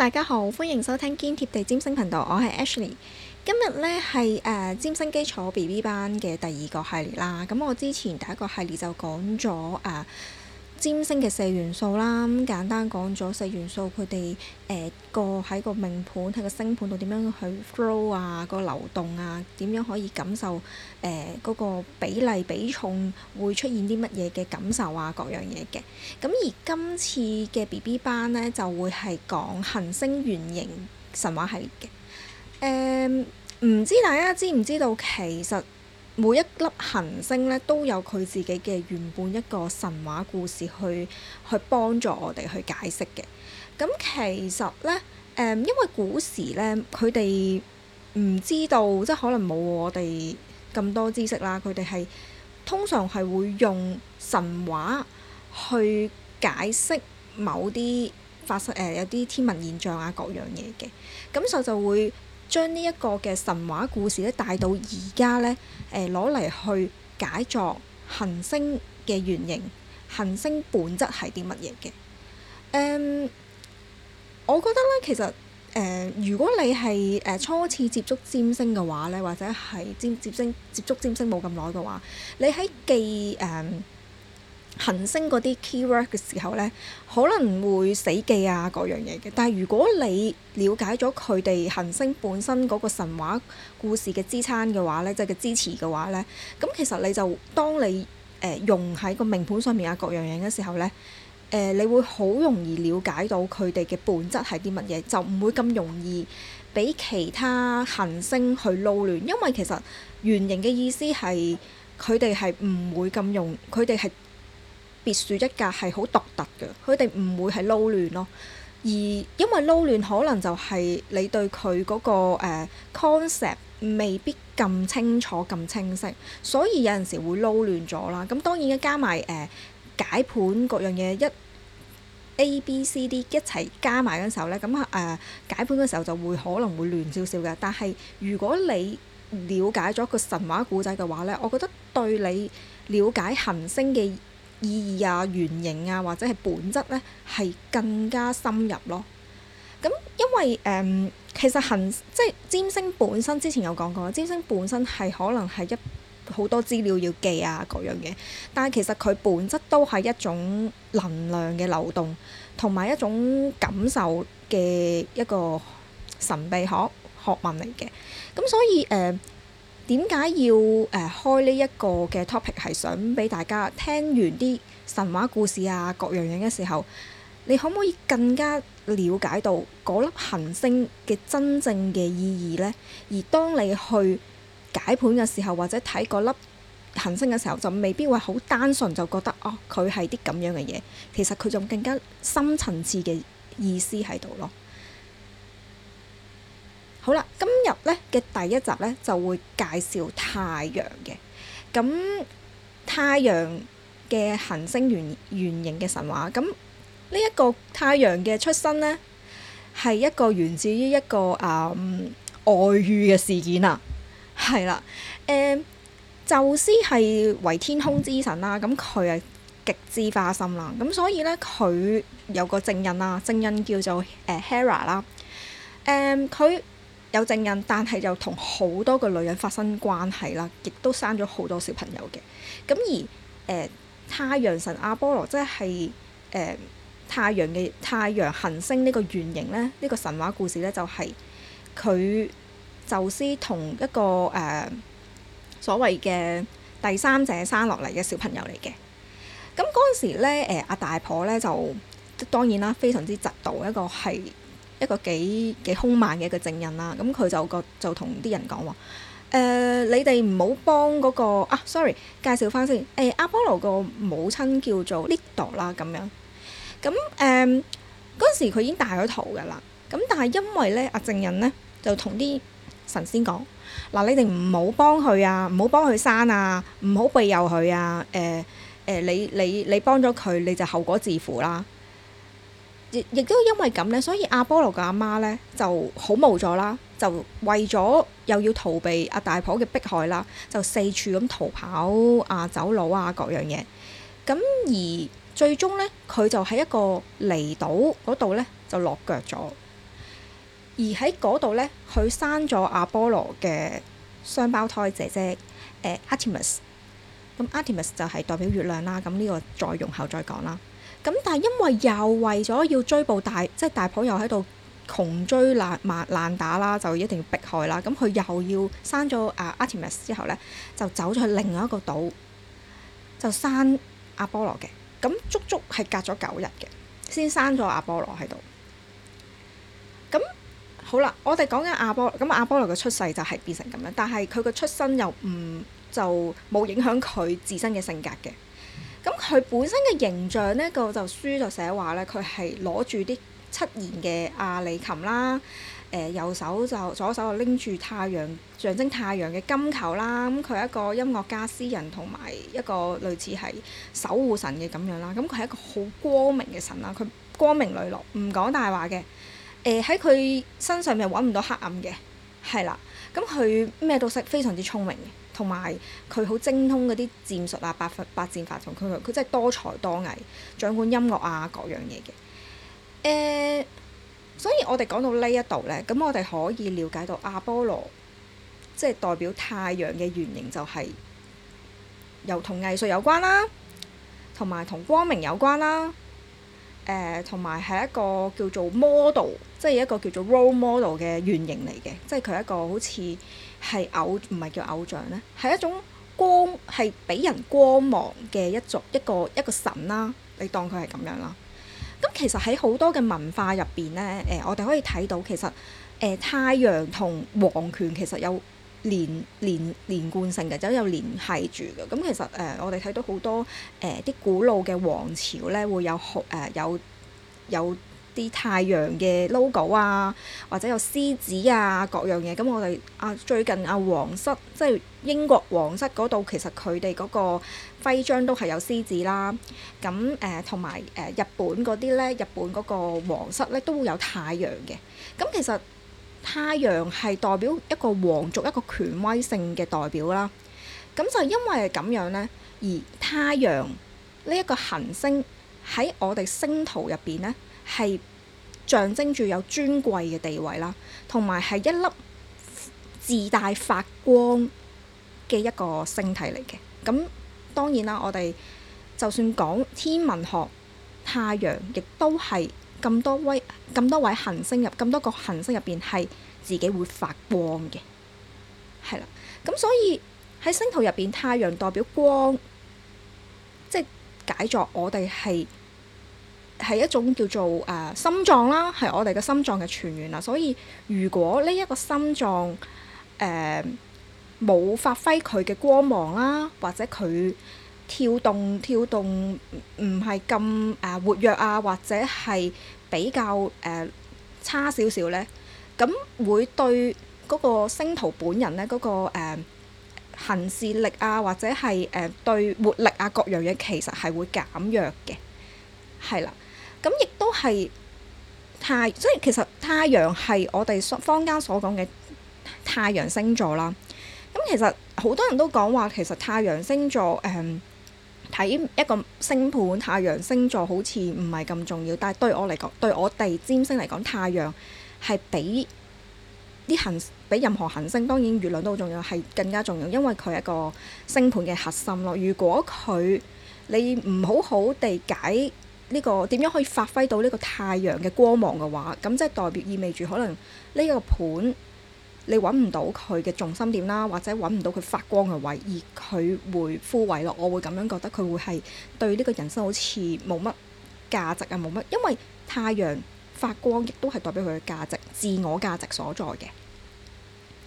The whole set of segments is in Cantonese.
大家好，歡迎收聽堅貼地占星頻道，我係 Ashley，今日呢係誒占星基礎 BB 班嘅第二個系列啦，咁我之前第一個系列就講咗啊。呃占星嘅四元素啦，咁簡單講咗四元素佢哋誒個喺個命盤，喺個星盤度點樣去 flow 啊，個流動啊，點樣可以感受誒嗰、呃那個比例比重會出現啲乜嘢嘅感受啊，各樣嘢嘅。咁而今次嘅 BB 班呢，就會係講行星原型神話系列嘅。誒、呃，唔知大家知唔知道其實？每一粒行星咧都有佢自己嘅原本一個神話故事去去幫助我哋去解釋嘅。咁其實咧，誒、嗯，因為古時咧，佢哋唔知道，即係可能冇我哋咁多知識啦。佢哋係通常係會用神話去解釋某啲發生誒、呃、有啲天文現象啊各樣嘢嘅。咁所以就會。將呢一個嘅神話故事咧帶到而家咧，誒攞嚟去解作行星嘅原型，行星本質係啲乜嘢嘅。誒、嗯，我覺得咧，其實誒、呃，如果你係誒初次接觸占星嘅話咧，或者係占接星接觸占星冇咁耐嘅話，你喺記誒、嗯行星嗰啲 keyword 嘅時候呢，可能會死記啊各樣嘢嘅。但係如果你了解咗佢哋行星本身嗰個神話故事嘅支撐嘅話呢，即係嘅支持嘅話呢，咁其實你就當你用喺、呃、個名盤上面啊各樣嘢嘅時候呢、呃，你會好容易了解到佢哋嘅本質係啲乜嘢，就唔會咁容易俾其他行星去撈亂，因為其實原型嘅意思係佢哋係唔會咁容佢哋係。別樹一格係好獨特嘅，佢哋唔會係撈亂咯。而因為撈亂可能就係你對佢嗰、那個、uh, concept 未必咁清楚、咁清晰，所以有陣時會撈亂咗啦。咁當然加埋誒、uh, 解盤各樣嘢一 A、B、C、D 一齊加埋嗰陣時候呢，咁誒、uh, 解盤嘅時候就會可能會亂少少嘅。但係如果你瞭解咗個神話古仔嘅話呢，我覺得對你瞭解行星嘅。意義啊、原型啊，或者係本質咧，係更加深入咯。咁因為誒、嗯，其實行即係占星本身，之前有講過啦。占星本身係可能係一好多資料要記啊嗰樣嘅，但係其實佢本質都係一種能量嘅流動，同埋一種感受嘅一個神秘學學問嚟嘅。咁、嗯、所以誒。嗯點解要誒開呢一個嘅 topic，係想俾大家聽完啲神話故事啊各樣嘢嘅時候，你可唔可以更加了解到嗰粒行星嘅真正嘅意義呢？而當你去解盤嘅時候，或者睇嗰粒行星嘅時候，就未必會好單純就覺得哦，佢係啲咁樣嘅嘢。其實佢仲更加深層次嘅意思喺度咯。好啦，今日咧嘅第一集咧就會介紹太陽嘅，咁太陽嘅行星圓圓形嘅神話，咁呢一個太陽嘅出身咧，係一個源自於一個啊、嗯、外遇嘅事件啊，係啦，誒、嗯、宙斯係為天空之神啦，咁佢係極之花心啦，咁所以咧佢有個正印啦，正印叫做誒 Hera 啦，誒、嗯、佢。有證人，但係又同好多個女人發生關係啦，亦都生咗好多小朋友嘅。咁而誒、呃、太陽神阿波羅，即係誒、呃、太陽嘅太陽行星個呢個原型咧，呢、呢個神話故事咧就係佢宙斯同一個誒、呃、所謂嘅第三者生落嚟嘅小朋友嚟嘅。咁嗰陣時咧，誒、呃、阿大婆咧就當然啦，非常之嫉妒一個係。一個幾幾兇猛嘅一個證人啦，咁佢就，就、呃那個就同啲人講喎，誒，你哋唔好幫嗰個啊，sorry，介紹返先，誒、欸、阿波羅個母親叫做 Lido 啦，咁樣，咁誒嗰時佢已經大咗肚㗎喇，咁但係因為咧阿證人咧就同啲神仙講，嗱、呃、你哋唔好幫佢啊，唔好幫佢生啊，唔好庇佑佢啊，誒、呃、誒、呃、你你你幫咗佢你就後果自負啦。亦都因為咁呢，所以阿波羅嘅阿媽呢就好無咗啦，就為咗又要逃避阿大婆嘅迫害啦，就四處咁逃跑啊、走佬啊各樣嘢。咁而最終呢，佢就喺一個離島嗰度呢就落腳咗。而喺嗰度呢，佢生咗阿波羅嘅雙胞胎姐姐誒阿蒂米斯。咁阿蒂米斯就係代表月亮啦。咁呢個再容後再講啦。.咁但係因為又為咗要追捕大即係、就是、大婆又喺度窮追爛猛爛打啦，就一定要逼害啦。咁佢又要生咗阿阿提米斯之後咧，就走咗去另外一個島，就生阿波羅嘅。咁足足係隔咗九日嘅，先生咗阿波羅喺度。咁好啦，我哋講緊阿波羅，咁阿波羅嘅出世就係變成咁樣，但係佢嘅出身又唔就冇影響佢自身嘅性格嘅。咁佢本身嘅形象呢，個就書就寫話呢，佢係攞住啲七弦嘅阿里琴啦，誒、呃、右手就左手就拎住太陽，象徵太陽嘅金球啦。咁佢係一個音樂家詩人同埋一個類似係守護神嘅咁樣啦。咁佢係一個好光明嘅神啦，佢光明磊落，唔講大話嘅。誒、喺佢身上面揾唔到黑暗嘅，係啦。咁佢咩都識，非常之聰明。同埋佢好精通嗰啲戰術啊、百法百戰法，同佢佢真係多才多藝，掌管音樂啊各樣嘢嘅。誒、uh，所以我哋講到呢一度咧，咁我哋可以了解到阿波羅即係代表太陽嘅原型、就是，就係又同藝術有關啦，同埋同光明有關啦。誒同埋係一個叫做 model，即係一個叫做 role model 嘅原型嚟嘅，即係佢一個好似係偶，唔係叫偶像咧，係一種光，係俾人光芒嘅一族，一個一個神啦，你當佢係咁樣啦。咁其實喺好多嘅文化入邊咧，誒、呃、我哋可以睇到其實誒、呃、太陽同王權其實有連連連貫性嘅，就有聯繫住嘅。咁其實誒、呃，我哋睇到好多誒啲、呃、古老嘅王朝咧，會有好、呃、有有啲太陽嘅 logo 啊，或者有獅子啊各樣嘢。咁我哋啊，最近啊皇室即係英國皇室嗰度，其實佢哋嗰個徽章都係有獅子啦。咁誒同埋誒日本嗰啲咧，日本嗰個皇室咧都會有太陽嘅。咁其實。太陽係代表一個皇族一個權威性嘅代表啦，咁就因為咁樣呢，而太陽呢一個行星喺我哋星圖入邊呢，係象徵住有尊貴嘅地位啦，同埋係一粒自帶發光嘅一個星體嚟嘅。咁當然啦，我哋就算講天文學，太陽亦都係。咁多位咁多位行星入，咁多個行星入邊係自己會發光嘅，係啦。咁所以喺星圖入邊，太陽代表光，即係解作我哋係係一種叫做誒、呃、心臟啦，係我哋嘅心臟嘅泉源啦。所以如果呢一個心臟誒冇發揮佢嘅光芒啦，或者佢。跳動，跳動唔唔係咁誒，活躍啊，或者係比較誒、呃、差少少呢。咁會對嗰個星圖本人呢，嗰、嗰個、呃、行事力啊，或者係誒、呃、對活力啊，各樣嘢其實係會減弱嘅。係啦，咁亦都係太即係其實太陽係我哋坊間所講嘅太陽星座啦。咁其實好多人都講話，其實太陽星座誒。呃睇一個星盤，太陽星座好似唔係咁重要，但係對我嚟講，對我哋占星嚟講，太陽係比啲行比任何行星，當然月亮都好重要，係更加重要，因為佢係一個星盤嘅核心咯。如果佢你唔好好地解呢、這個點樣可以發揮到呢個太陽嘅光芒嘅話，咁即係代表意味住可能呢個盤。你揾唔到佢嘅重心點啦，或者揾唔到佢發光嘅位，而佢會枯萎咯。我會咁樣覺得佢會係對呢個人生好似冇乜價值啊，冇乜，因為太陽發光亦都係代表佢嘅價值、自我價值所在嘅，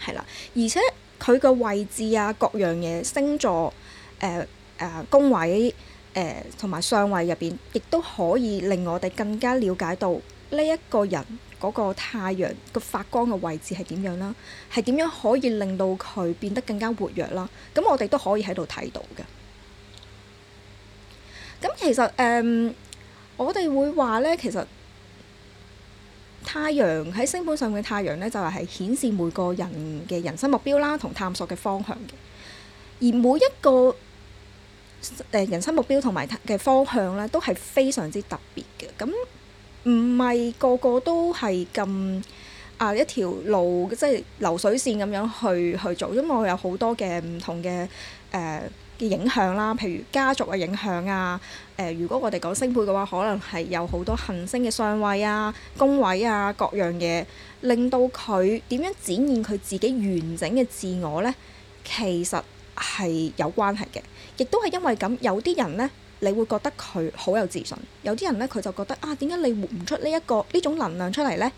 係啦。而且佢嘅位置啊、各樣嘢、星座、誒誒宮位、誒同埋相位入邊，亦都可以令我哋更加了解到。呢一個人嗰個太陽個發光嘅位置係點樣啦？係點樣可以令到佢變得更加活躍啦？咁我哋都可以喺度睇到嘅。咁其實誒、呃，我哋會話咧，其實太陽喺星盤上面嘅太陽咧，就係係顯示每個人嘅人生目標啦，同探索嘅方向嘅。而每一個誒人生目標同埋嘅方向咧，都係非常之特別嘅咁。唔係個個都係咁啊，一條路，即係流水線咁樣去去做，因為我有好多嘅唔同嘅誒嘅影響啦，譬如家族嘅影響啊，誒、呃、如果我哋講星盤嘅話，可能係有好多行星嘅相位啊、宮位啊各樣嘢，令到佢點樣展現佢自己完整嘅自我呢？其實係有關係嘅，亦都係因為咁有啲人呢。你會覺得佢好有自信，有啲人咧佢就覺得啊，點解你活唔出呢、這、一個呢種能量出嚟呢？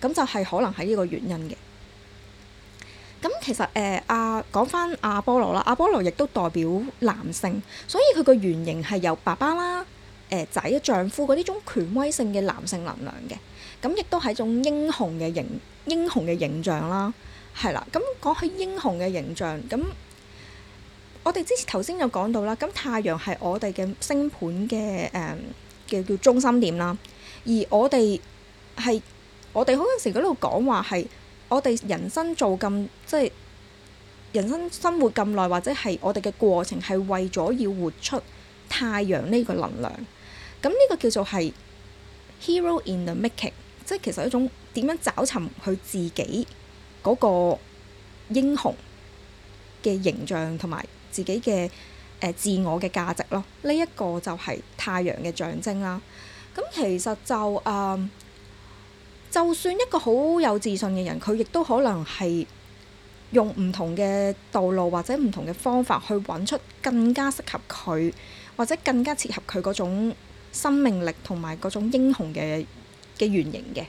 咁就係可能係呢個原因嘅。咁其實誒阿、呃啊、講翻阿波羅啦，阿波羅亦都代表男性，所以佢個原型係由爸爸啦、誒、呃、仔、丈夫嗰啲種權威性嘅男性能量嘅，咁亦都係一種英雄嘅形英雄嘅形象啦，係啦。咁講起英雄嘅形象咁。我哋之前頭先有講到啦，咁太陽係我哋嘅星盤嘅誒嘅叫中心點啦。而我哋係我哋好有時喺度講話係我哋人生做咁即係人生生活咁耐，或者係我哋嘅過程係為咗要活出太陽呢個能量。咁呢個叫做係 hero in the making，即係其實一種點樣找尋佢自己嗰個英雄嘅形象同埋，自己嘅誒、呃、自我嘅價值咯，呢、這、一個就係太陽嘅象徵啦。咁其實就誒、呃，就算一個好有自信嘅人，佢亦都可能係用唔同嘅道路或者唔同嘅方法去揾出更加適合佢或者更加切合佢嗰種生命力同埋嗰種英雄嘅嘅原型嘅。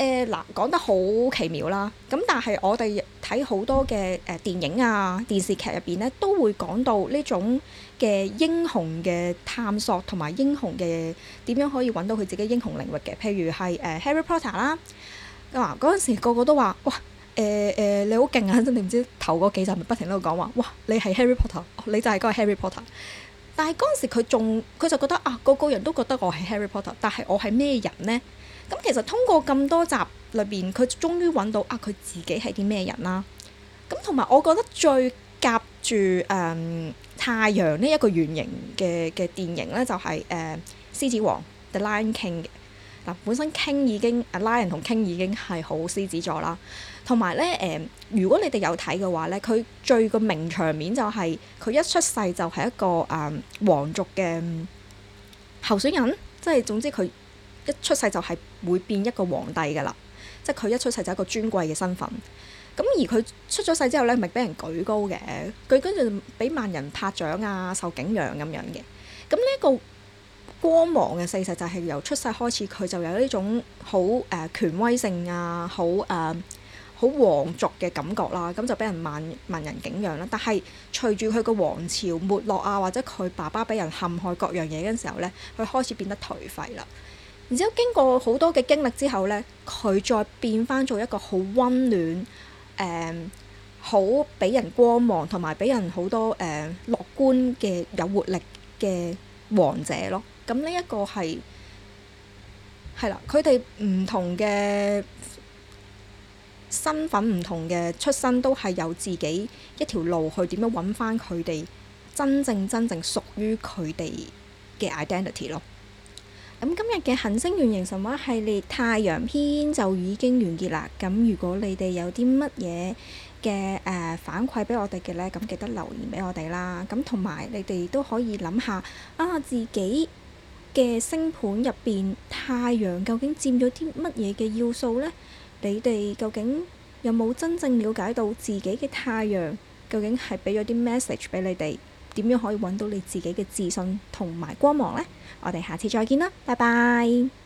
誒嗱、呃，講得好奇妙啦！咁但係我哋睇好多嘅誒電影啊、電視劇入邊咧，都會講到呢種嘅英雄嘅探索同埋英雄嘅點樣可以揾到佢自己英雄領域嘅。譬如係誒、呃《Harry Potter》啦，嗱嗰陣時個個都話：哇！誒、欸、誒、欸，你好勁啊！真係唔知頭嗰幾集咪不停喺度講話：哇！你係 Harry Potter，你就係嗰個 Harry Potter。但係嗰陣時佢仲佢就覺得啊，個個人都覺得我係 Harry Potter，但係我係咩人呢？咁其實通過咁多集裏邊，佢終於揾到啊！佢自己係啲咩人啦、啊？咁同埋我覺得最夾住誒太陽呢一個原型嘅嘅電影呢，就係誒獅子王 The Lion King。嗱、啊，本身 King 已經啊，lion 同 King 已經係好獅子座啦。同埋呢，誒、呃，如果你哋有睇嘅話呢，佢最個名場面就係、是、佢一出世就係一個誒、呃、王族嘅候選人，即係總之佢。一出世就係會變一個皇帝噶啦，即係佢一出世就係一個尊貴嘅身份。咁而佢出咗世之後咧，咪俾人舉高嘅，佢跟住俾萬人拍掌啊，受景仰咁樣嘅。咁呢個光芒嘅事實就係由出世開始，佢就有呢種好誒、呃、權威性啊，好誒好皇族嘅感覺啦。咁就俾人萬萬人景仰啦。但係隨住佢個王朝沒落啊，或者佢爸爸俾人陷害各樣嘢嗰陣時候咧，佢開始變得頹廢啦。然之後經過好多嘅經歷之後，呢佢再變翻做一個好温暖、好、嗯、俾人光芒同埋俾人好多誒樂、嗯、觀嘅有活力嘅王者咯。咁呢一個係係啦，佢哋唔同嘅身份、唔同嘅出身，都係有自己一條路去點樣揾翻佢哋，真正真正屬於佢哋嘅 identity 咯。咁今日嘅行星原型神話系列太陽篇就已經完結啦。咁如果你哋有啲乜嘢嘅誒反饋俾我哋嘅咧，咁記得留言俾我哋啦。咁同埋你哋都可以諗下啊，自己嘅星盤入邊，太陽究竟佔咗啲乜嘢嘅要素咧？你哋究竟有冇真正了解到自己嘅太陽究竟係俾咗啲 message 俾你哋？點樣可以揾到你自己嘅自信同埋光芒呢？我哋下次再見啦，拜拜！